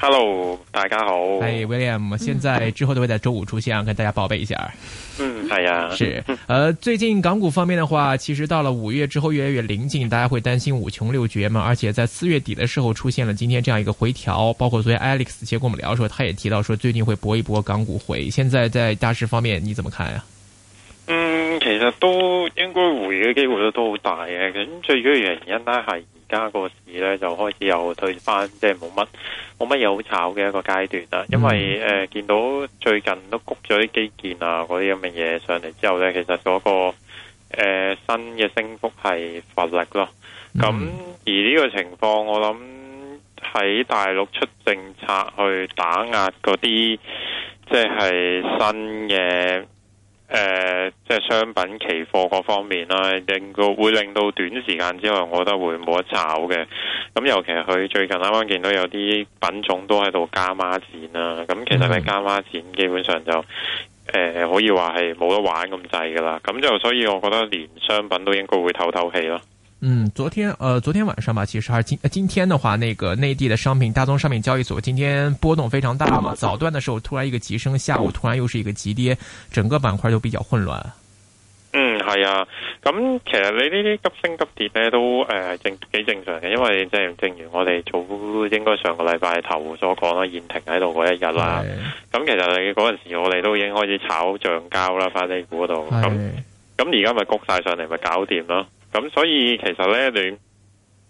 Hello，大家好。Hey，誒，William，嗯、現在之後都會在周五出現，跟大家報備一下。嗯，係啊，是。呃，最近港股方面的話，其實到了五月之後越來越臨近，大家會擔心五窮六絕嘛？而且在四月底的時候出現了今天這樣一個回調，包括昨天 Alex 其實跟我們聊的時候，他也提到說最近會搏一搏港股回。現在在大市方面，你怎麼看呀啊？嗯，其實都應該回嘅機會都好大嘅，咁最主要原因咧係。而家個市咧就開始又退返，即係冇乜冇乜嘢好炒嘅一個階段啦。因為誒、呃、見到最近都谷咗啲基建啊，嗰啲咁嘅嘢上嚟之後咧，其實嗰、嗰個、呃、新嘅升幅係乏力咯。咁而呢個情況，我諗喺大陸出政策去打壓嗰啲，即係新嘅。誒、呃，即係商品期貨各方面啦，令到會令到短時間之內，我覺得會冇得炒嘅。咁、嗯、尤其佢最近啱啱見到有啲品種都喺度加孖展啦，咁、嗯、其實你加孖展基本上就誒、呃，可以話係冇得玩咁滯噶啦。咁、嗯、就所以我覺得連商品都應該會透透氣啦。嗯，昨天，呃，昨天晚上吧，其實還是今、呃、今天的話，那個內地的商品大宗商品交易所今天波動非常大嘛，早段的時候突然一個急升，下午突然又是一個急跌，整個板塊都比較混亂。嗯，係啊，咁、嗯、其實你呢啲急升急跌咧都誒、呃、正幾正常嘅，因為即係正如我哋早應該上個禮拜頭所講啦，現在停喺度嗰一日啦，咁是其實你嗰陣時我哋都已經開始炒橡膠啦，翻啲股度，咁咁而家咪谷晒上嚟，咪搞掂咯。咁所以其實咧，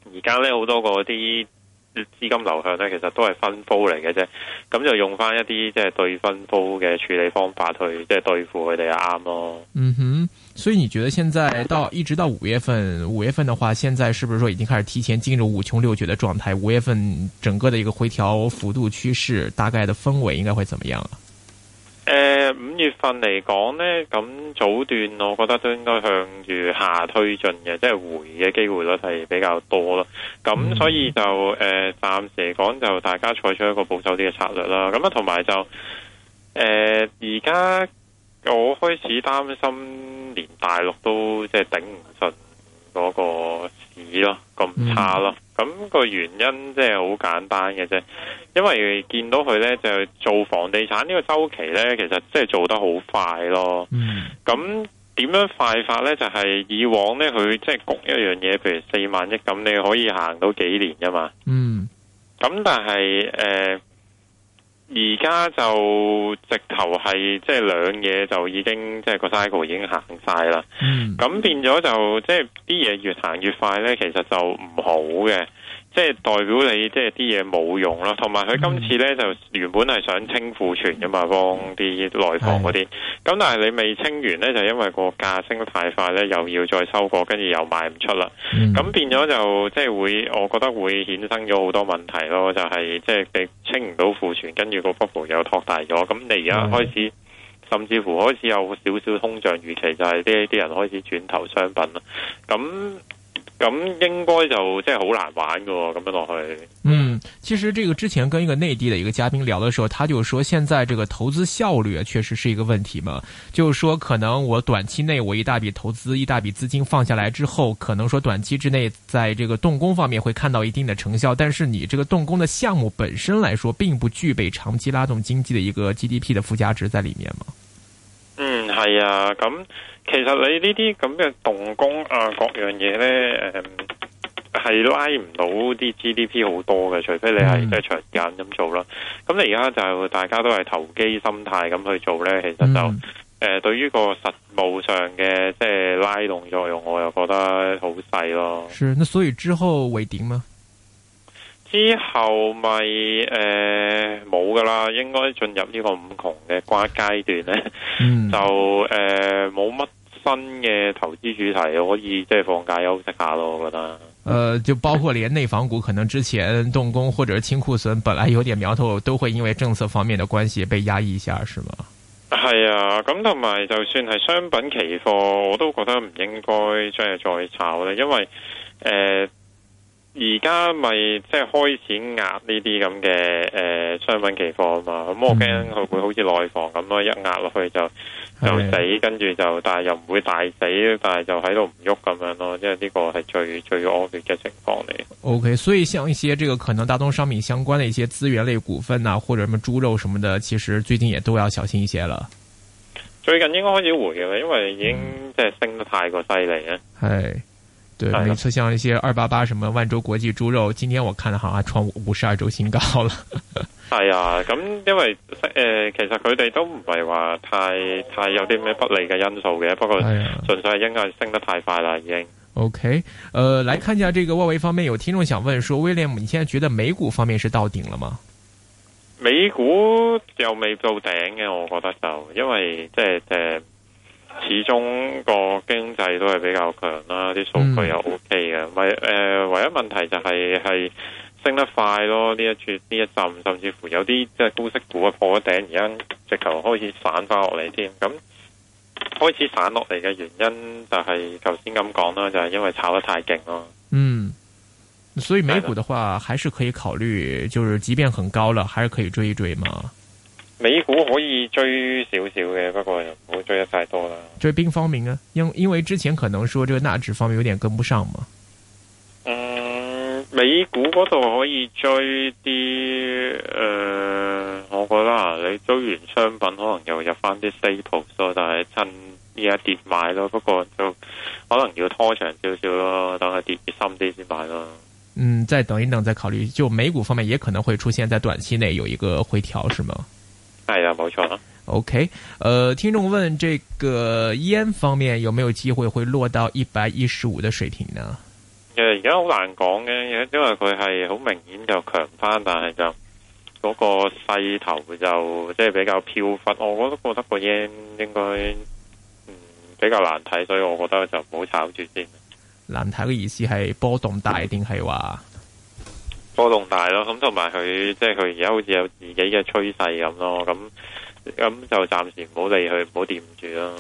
你而家咧好多個啲資金流向咧，其實都係分煲嚟嘅啫。咁就用返一啲即係對分煲嘅處理方法去即係對付佢哋啱咯。嗯哼，所以你覺得現在到一直到五月份，五月份嘅話，現在是不是說已經開始提前進入五窮六絕嘅狀態？五月份整個嘅一個回調幅度趨勢，大概嘅氛圍應該會怎麼樣啊？誒，五月份嚟講呢，咁早段我覺得都應該向住下推進嘅，即係回嘅機會率係比較多咯。咁所以就誒，mm hmm. 暫時嚟講就大家採取一個保守啲嘅策略啦。咁啊，同埋就誒，而家我開始擔心連大陸都即係頂唔順嗰個市咯，咁差咯。Hmm. 咁個原因即係好簡單嘅啫，因為見到佢呢就是、做房地產呢個周期呢，其實即係做得好快咯。嗯，咁點樣快法呢？就係、是、以往呢，佢即係焗一樣嘢，譬如四萬億咁，你可以行到幾年噶嘛？嗯、mm.，咁但係誒。而家就直頭係，即係兩嘢就已經即係個 cycle 已經行晒啦。咁 變咗就即係啲嘢越行越快呢，其實就唔好嘅。即係代表你，即係啲嘢冇用啦，同埋佢今次呢就原本係想清庫存噶嘛，幫啲內房嗰啲。咁是的 但係你未清完呢，就因為個價升得太快呢，又要再收貨，跟住又賣唔出啦。咁是的 變咗就即係會，我覺得會衍生咗好多問題咯。就係、是、即係你清唔到庫存，跟住個 bubble 又托大咗。咁你而家開始，是的 甚至乎開始有少少通脹預期就，就係啲啲人開始轉投商品啦。咁。咁應該就真係好難玩噶，咁樣落去。嗯，其實這個之前跟一個內地的一個嘉賓聊的時候，他就說現在這個投資效率確實是一個問題嘛。就是說可能我短期內我一大筆投資、一大筆資金放下來之後，可能說短期之內在這個動工方面會看到一定的成效，但是你這個動工的項目本身來說，並不具備長期拉動經濟的一個 GDP 的附加值在裏面嘛、嗯啊。嗯，係啊，咁。其實你呢啲咁嘅動工啊，各樣嘢呢，誒、嗯，係拉唔到啲 GDP 好多嘅，除非你係即係長間咁做啦。咁你而家就大家都係投機心態咁去做呢，其實就誒、嗯呃，對於個實務上嘅即係拉動作用，我又覺得好細咯。所以之後會點呢？之後咪誒冇噶啦，應該進入呢個五窮嘅關階段咧，嗯、 就誒冇乜新嘅投資主題可以即係放假休息下咯，我覺得。誒、呃，就包括連內房股，可能之前動工或者清庫存，本來有點苗頭，都會因為政策方面嘅關係被壓抑一下，是嗎？係啊，咁同埋就算係商品期貨，我都覺得唔應該即係再炒啦，因為誒。呃而家咪即係開始壓呢啲咁嘅誒商品期貨啊嘛，咁、嗯嗯、我驚佢會好似內房咁咯，一壓落去就就死，的跟住就但係又唔會大死，但係就喺度唔喐咁樣咯，即係呢個係最最惡劣嘅情況嚟。O、okay, K，所以像一些個可能大宗商品相關嘅一些資源類股份啊，或者咩豬肉什麼的，其實最近也都要小心一些啦。最近應該開始回嘅，因為已經即係升得太過犀利啊。係、嗯。對，每次、嗯、像一些二八八什麼萬州國際豬肉，今天我看了，好像創五十二周新高了。係 啊、哎，咁、嗯、因為誒、呃，其實佢哋都唔係話太太有啲咩不利嘅因素嘅，不過純粹係應該升得太快啦，已經。O K，誒，okay，呃、看一下呢個外圍方面，有聽眾想問說，William，你現在覺得美股方面是到頂了嗎？美股又未到頂嘅，我覺得就因為即係誒。始終個經濟都係比較強啦，啲數據又 OK 嘅，咪誒、嗯呃、唯一問題就係、是、係升得快咯，呢一轉呢一站，甚至乎有啲即係高息股啊破咗頂，而家直頭開始散翻落嚟添，咁開始散落嚟嘅原因就係頭先咁講啦，就係因為炒得太勁咯。嗯，所以美股嘅話，還是可以考慮，就是即便很高了，還是可以追一追嘛。美股可以追少少嘅，不過就唔好追得太多啦。追邊方面啊，因因為之前可能說這個納指方面有點跟不上嘛。嗯，美股嗰度可以追啲誒、呃，我覺得啊，你追完商品，可能又入翻啲 staples 咯，但係趁依家跌買咯。不過就可能要拖長少少咯，等佢跌深啲先買咯。嗯，再等一等再考慮。就美股方面，也可能會出現在短期內有一個回調，是嗎？係啊，冇錯啊。OK，呃，聽眾問，這個煙方面有沒有機會會落到一百一十五嘅水平呢？誒，而家好難講嘅，因為佢係好明顯就強翻，但係就嗰個勢頭就即係、就是、比較飄忽。我我都覺得個煙應該嗯比較難睇，所以我覺得就唔好炒住先。難睇嘅意思係波動大定係話？嗯波動大咯，咁同埋佢即係佢而家好似有自己嘅趨勢咁咯，咁咁就暫時唔好理佢，唔好掂住咯。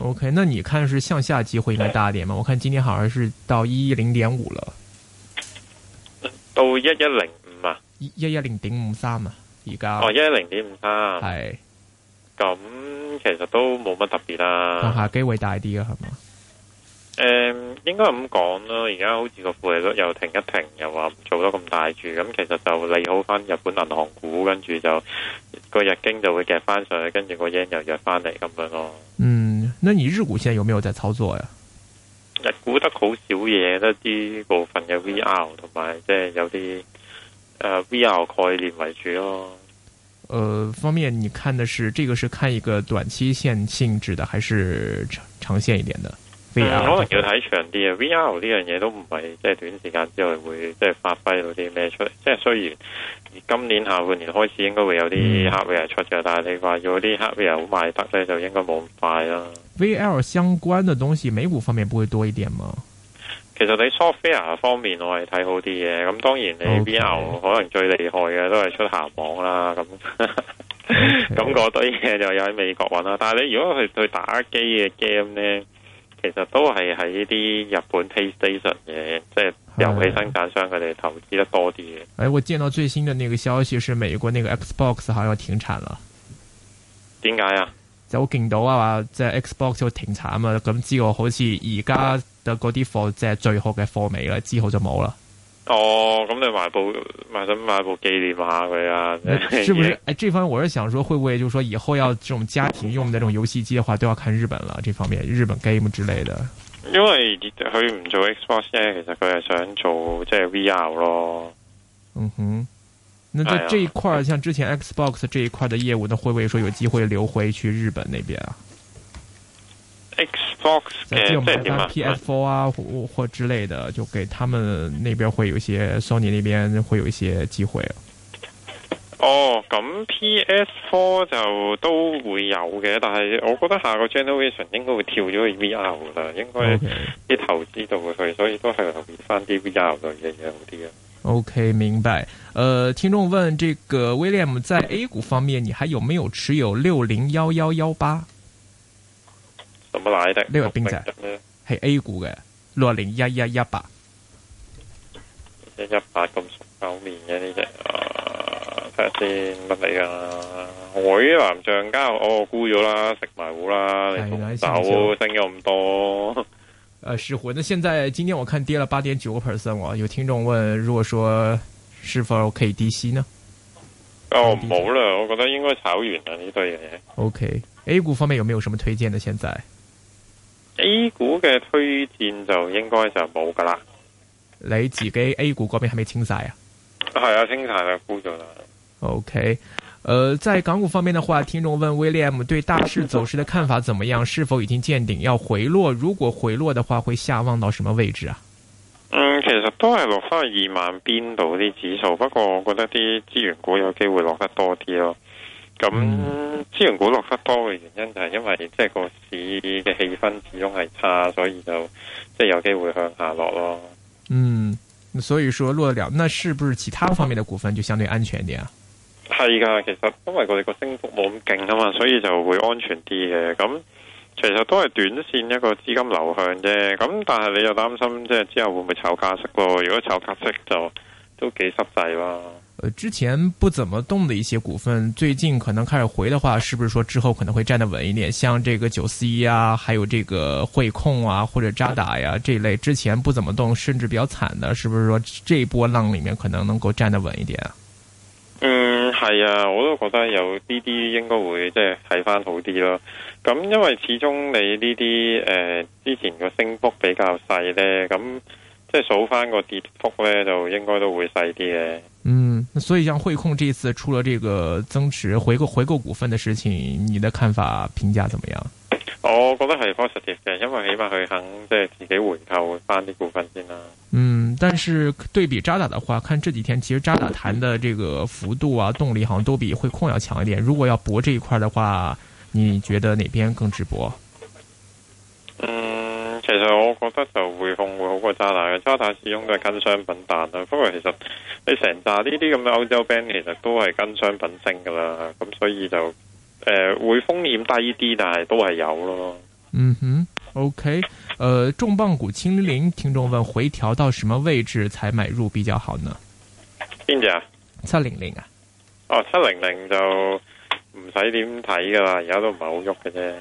OK，那你看是向下機會應該大啲嗎？欸、我看今天好像是到一一零點五了，到一一零五啊，一一零點五三啊，而家哦一一零點五三係，咁是其實都冇乜特別啦，向下機會大啲啊，係咪？誒，應該咁講咯。而家好似個負利率又停一停，又話唔做得咁大住，咁其實就利好翻日本銀行股，跟住就個日經就會夾翻上去，跟住個 yen 又入翻嚟咁樣咯。嗯，那你日股現在有沒有在操作呀、啊？嗯、日股得好少嘢，都啲部分嘅 VR 同埋即係有啲誒 VR 概念為主咯。誒、嗯嗯，方面你看的是，這個是看一個短期線性質的，還是長長線一點的？VR 嗯、可能要睇長啲啊！VR 呢樣嘢都唔係即係短時間之內會即係、就是、發揮到啲咩出，即、就、係、是、雖然今年下半年開始應該會有啲 hardware 係出嘅，hmm. 但係你話有啲 hardware 好賣得咧就應該冇咁快啦。VR 相關嘅東西，美股方面不會多一點嘛？其實你 software 方面我係睇好啲嘅，咁當然你 VR 可能最厲害嘅都係出下網啦，咁咁嗰堆嘢就有喺美國搵啦。但係你如果去對打機嘅 game 咧？其實都係喺呢啲日本 PlayStation 嘅，即係遊戲生產商佢哋投資得多啲嘅。誒、哎，我見到最新嘅那個消息，是美國那個 Xbox 好像停產啦。點解啊？就好見到啊話，即係 Xbox 會停產啊，咁之後好似而家嘅嗰啲貨，即、就、係、是、最好嘅貨尾啦，之後就冇啦。哦，咁你買部買想買部紀念下佢啊、呃？是不是？誒、呃，這方面我是想說，會不會就是說以後要這種家庭用的這種遊戲機嘅話，都要看日本啦？這方面日本 game 之類的。因為佢唔做 Xbox 呢，其實佢係想做即係、就是、VR 咯。嗯哼，那在這一塊，哎、呀像之前 Xbox 這一塊的業務，都會不會說有機會留回去日本那邊啊？P S Four 啊，或或之類的，就給他們那邊會有一些，Sony 那邊會有一些機會。哦，咁 P S Four 就都會有嘅，但係我覺得下個 generation 應該會跳咗去 V R 噶啦，應該啲投資都會，所以，所以都係留意翻啲 V R 類嘅嘢好啲啊。OK，okay, 明白。呃，聽眾問：這個 William 在 A 股方面，你還有沒有持有601118？做乜奶得？呢個兵仔係 A 股嘅，六零、啊、一一一八，一一百咁厚面嘅呢隻，睇下先乜嚟噶？海南橡膠哦，沽咗啦，食埋糊啦，走升咗咁多。誒、呃，市虎，那現在今天我看跌了八點九個 percent，我有聽眾問，如果說是否可以低吸呢？哦、啊，冇啦，我覺得應該炒完啦呢啲嘢。O K，A 股方面有沒有什麼推薦呢？現在？A 股嘅推薦就應該就冇噶啦你自己 A 股嗰邊係咪清晒啊？係啊，清晒啦，沽咗啦。OK，誒、呃，在港股方面的話，聽眾問 William 對大市走勢的看法怎麼樣？是否已經見頂？要回落？如果回落嘅話，會下望到什麼位置啊？嗯，其實都係落翻去二萬邊度啲指數，不過我覺得啲資源股有機會落得多啲咯。咁資源股落得多嘅原因就係因為即係個市嘅氣氛始終係差，所以就即係有機會向下落咯。嗯，所以說落得了，那是不是其他方面嘅股份，就相對安全啲啊？係噶，其實因為佢哋個升幅冇咁勁啊嘛，所以就會安全啲嘅。咁其實都係短線一個資金流向啫。咁但係你又擔心即係之後會唔會炒加息咯？如果炒加息就都幾濕滯咯。之前不怎麼動的一些股份，最近可能開始回的話，是不是說之後可能會站得穩一點？像這個九四一啊，還有這個匯控啊，或者渣打呀、啊、這一類，之前不怎麼動甚至比較慘的，是不是說這一波浪裏面可能能夠站得穩一點啊？嗯，係啊，我都覺得有呢啲應該會即係睇返好啲咯。咁因為始終你呢啲誒之前個升幅比較細咧，咁。即係數翻個跌幅咧，就應該都會細啲嘅。嗯，所以像匯控這次出了這個增持回購回購股份的事情，你的看法評價怎麼樣？我覺得係 positive 嘅，因為起碼佢肯即係自己回購翻啲股份先啦。嗯，但是對比渣打的話，看這幾天其實渣打彈的這個幅度啊，動力好像都比匯控要強一點。如果要搏這一塊的話，你覺得哪邊更值博？其實我覺得就匯控會好過渣打嘅，渣打始終都係跟商品彈啦。不過其實你成扎呢啲咁嘅歐洲 band 其實都係跟商品升噶啦，咁所以就誒、呃、會風險低啲，但係都係有咯。嗯哼，OK，誒、呃，重磅股七零零，聽眾問回調到什麼位置才買入比較好呢？邊隻啊？七零零啊？哦，七零零就唔使點睇噶啦，而家都唔係好喐嘅啫。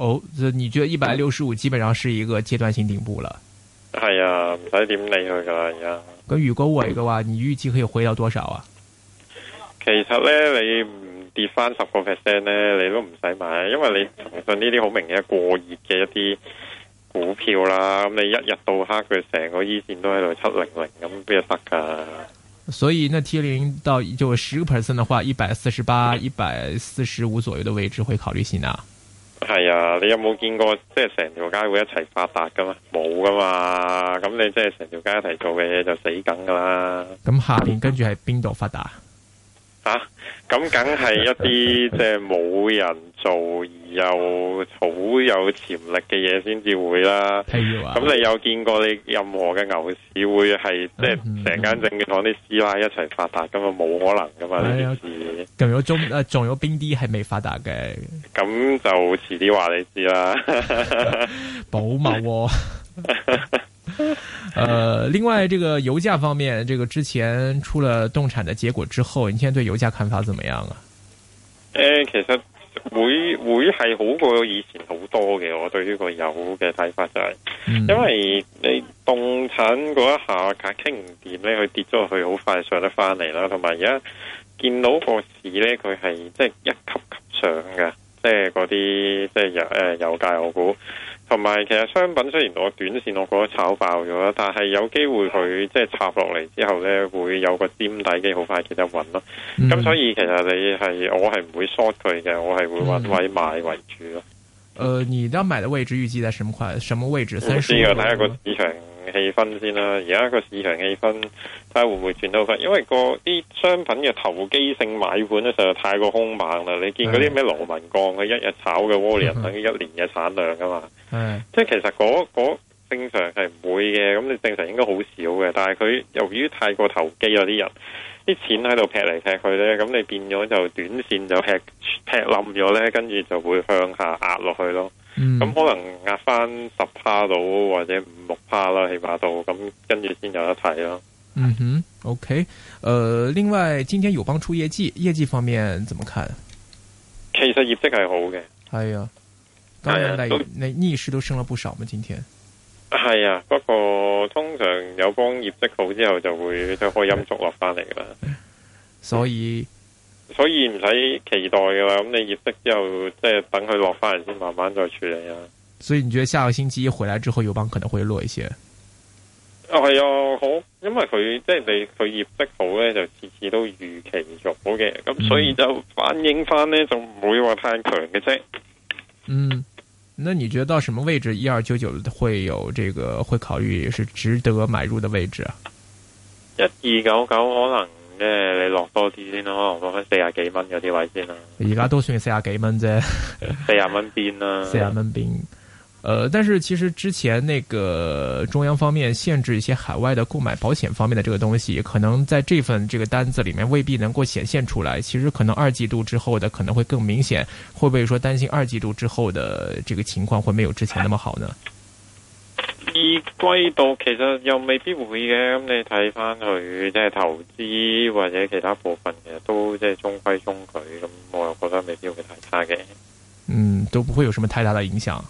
哦，你、oh, so、覺得一百六十五基本上是一個階段性頂部啦。係啊，唔使點理佢噶而家。咁如果我嘅話，你預計可以回到多少啊？其實咧，你唔跌翻十個 percent 咧，你都唔使買，因為你騰訊呢啲好明顯嘅過熱嘅一啲股票啦，咁你一日到黑佢成個依、e、線都喺度七零零咁邊有得噶。所以，呢 t 零到就十個 percent 嘅話，一百四十八、一百四十五左右嘅位置會考慮吸啊。係啊，你有冇見過即係成條街會一齊發達噶嘛？冇噶嘛，咁你即係成條街一齊做嘅嘢就死梗噶啦。咁、嗯、下邊跟住係邊度發達？吓，咁梗係一啲即係冇人做而又好有潛力嘅嘢先至會啦。係啊話，咁你有見過你任何嘅牛市會係、嗯、哼即係成間證券行啲師奶一齊發達噶嘛？冇可能噶嘛，呢件事。咁有中誒，仲有邊啲係未發達嘅？咁就遲啲話你知啦。保 密某、喔。 誒、呃，另外，這個油價方面，這個之前出了凍產的結果之後，你現在對油價看法怎麼樣啊？誒、呃，其實會會係好過以前好多嘅，我對呢個油嘅睇法就係、是，因為你凍產嗰一下，價傾唔掂，咧，佢跌咗，落去，好快上得翻嚟啦。同埋而家見到個市咧，佢係即係一級級上嘅，即係嗰啲即係油誒、呃、油價我估。同埋，其實商品雖然我短線我覺得炒爆咗啦，但係有機會佢即係插落嚟之後咧，會有個尖底嘅，好快記得穩咯。咁所以其實你係我係唔會 short 佢嘅，我係會揾位買為主咯、嗯嗯。呃，你要買嘅位置預計在什麼塊？什麼位置？首先我睇下個市場。氣氛先啦，而家個市場氣氛，睇下會唔會轉到翻？因為個啲商品嘅投機性買盤咧，實在太過兇猛啦。的你見嗰啲咩螺紋鋼，佢一日炒嘅窩輪等於一年嘅產量噶嘛。嗯的，即係其實嗰正常係唔會嘅，咁你正常應該好少嘅。但係佢由於太過投機，有啲人啲錢喺度劈嚟劈去咧，咁你變咗就短線就劈劈冧咗咧，跟住就會向下壓落去咯。嗯，咁、嗯、可能壓翻十趴度或者五六趴啦，起碼到咁跟住先有得睇咯。嗯哼，OK，誒、呃，另外，今天友邦出業績，業績方面怎麼看？其實業績係好嘅，係啊、哎，係啊，都、哎、呀逆市都升了不少嘛。今天係啊、哎，不過通常友邦業績好之後就會開陰燭落翻嚟噶啦，所以。所以唔使期待噶啦，咁你業績之後即係等佢落翻嚟先，慢慢再處理啊。所以你覺得下個星期一回來之後，友邦可能會落一些？啊係啊，好，因為佢即係你佢業績好咧，就次次都預期做好嘅，咁所以就反映翻咧，就唔會話太強嘅啫。嗯，那你覺得到什麼位置一二九九會有這個會考慮是值得買入的位置啊？一二九九可能。即你落多啲先咯，落翻、啊、四 啊幾蚊嗰啲位先啦。而家都算四啊幾蚊啫，四啊蚊邊啦，四啊蚊邊。呃，但是其實之前那個中央方面限制一些海外的購買保險方面的這個東西，可能在這份這個單子裏面未必能夠顯現出來。其實可能二季度之後的可能會更明顯。會不會說擔心二季度之後的這個情況會沒有之前那麼好呢？ 二季度其實又未必會嘅，咁你睇翻佢即係投資或者其他部分嘅都即係中規中矩，咁我又覺得未必會太差嘅。嗯，都唔會有什麼太大嘅影響。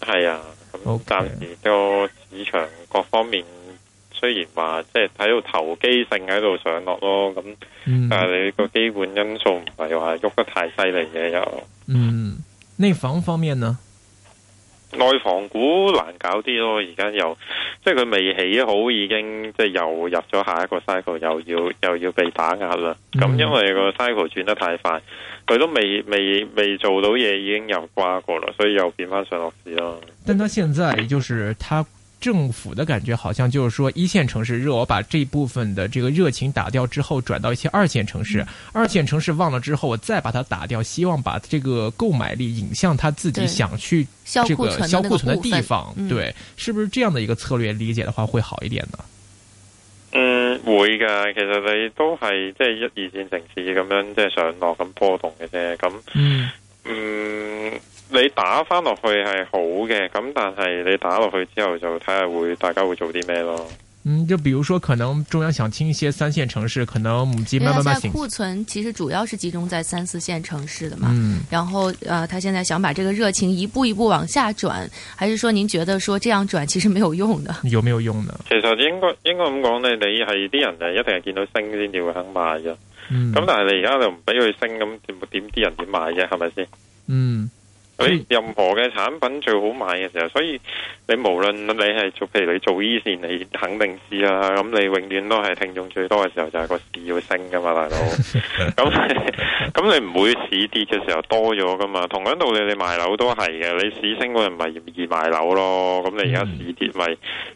係啊，咁暫 Okay. 時都市場各方面雖然話即係睇到投機性喺度上落咯，咁、嗯、但係你個基本因素唔係話喐得太犀利嘅又。嗯，內房方面呢？內房股難搞啲咯，而家又即係佢未起好，已經即係又入咗下一個 cycle，又要又要被打壓啦。咁因為個 cycle 轉得太快，佢都未未未做到嘢，已經又掛過啦，所以又變翻上落市咯。但他現在就是他。政府的感覺好像就是說，一線城市熱，我把這部分的這個熱情打掉之後，轉到一些二線城市；嗯、二線城市旺了之後，我再把它打掉，希望把這個購買力引向他自己想去這個銷庫存的地方。對，是不是這樣的一個策略理解的話會好一點呢？嗯，會嘅。其實你都係即係一、二線城市咁樣，即係上落咁波動嘅啫。咁，嗯。嗯你打翻落去係好嘅，咁但係你打落去之後就睇下會大家會做啲咩咯。嗯，就比如說可能中央想清一些三線城市，可能唔知慢慢慢行。現在庫存其實主要是集中在三四線城市的嘛。嗯。然後，呃，他現在想把這個熱情一步一步往下轉，還是說您覺得說這樣轉其實沒有用的？有沒有用的？其實應該應該咁講呢，你係啲人就一定係見到升先至會肯買嘅。嗯。咁但係你而家就唔俾佢升咁，點點啲人點買啫？係咪先？嗯。你任何嘅產品最好賣嘅時候，所以你無論你係做，譬如你做 e 線，你肯定知啦，啊。咁你永遠都係聽眾最多嘅時候就係、是、個市要升噶嘛，大佬。咁咁 你唔會市跌嘅時候多咗噶嘛。同樣道理，你賣樓都係嘅。你市升嗰陣咪易賣樓咯，咁你而家市跌咪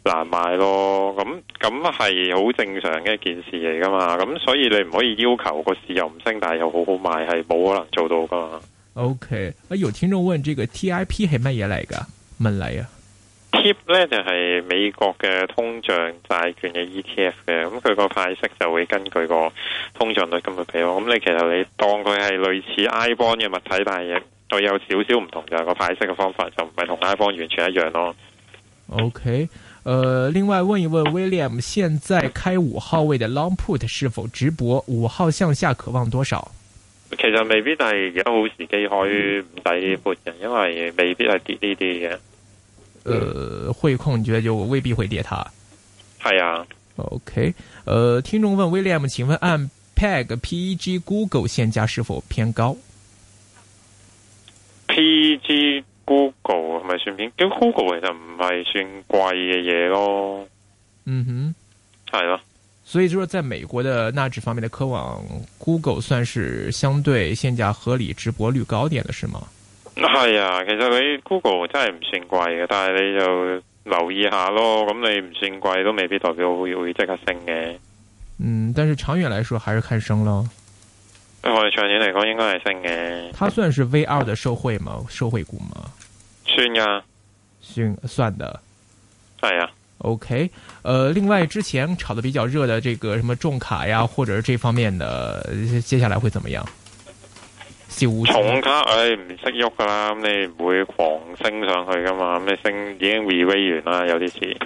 難賣咯。咁咁係好正常嘅一件事嚟噶嘛。咁所以你唔可以要求個市又唔升，但係又好好賣，係冇可能做到噶嘛。OK，誒，有聽眾問，這個 TIP 係乜嘢嚟㗎？問嚟啊，TIP 咧就係、是、美國嘅通脹債券嘅 ETF 嘅，咁佢個派息就會根據個通脹率咁嚟俾咯。咁、嗯、你其實你當佢係類似 iBond 嘅物體，但係佢有少少唔同就係個派息嘅方法就唔係同 iBond 完全一樣咯。OK，誒，另外問一問 William，現在開五號位嘅 Long Put 是否直播？五號向下渴望多少？其實未必係而家好時機，可以唔使撥人，嗯、因為未必係跌呢啲嘅。誒、呃，匯控你覺得就未必會跌它，佢係啊。OK，誒、呃，聽眾問 William，請問按 PEG PE、PG Google 現價是否偏高？PG Google 係咪算偏？其實 Google 其實唔係算貴嘅嘢咯。嗯哼，係咯、 啊。所以就說，在美國的納指方面的科網，Google 算是相對現價合理、值博率高點的，是嗎？係啊，其實佢 Google 真係唔算貴嘅，但係你就留意下咯。咁你唔算貴都未必代表會會即刻升嘅。嗯，但是長遠來說，還是看升咯。哎、我哋長遠嚟講，應該係升嘅。它算是 VR 的受惠嗎？受惠股嗎？算啊，算算的。算算的 O.K.，呃，另外之前炒得比較熱的這個什麼重卡呀，或者是這方面的，接下來會怎麼樣？重卡，誒唔識喐噶啦，你唔會狂升上去噶嘛，咩升已經微微完啦，有啲事。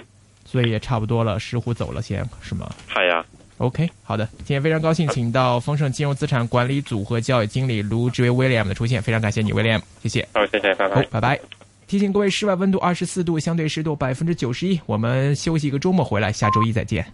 所以也差不多啦，石斛走了先，是嗎？係啊。O.K. 好的，今天非常高興請到豐盛金融資產管理組合教育經理盧志威 William 的出現，非常感謝你，William，謝謝。好，謝謝，拜拜，好，拜拜。提醒各位，室外溫度二十四度，相對濕度百分之九十一。我們休息一個周末回來，下周一再見。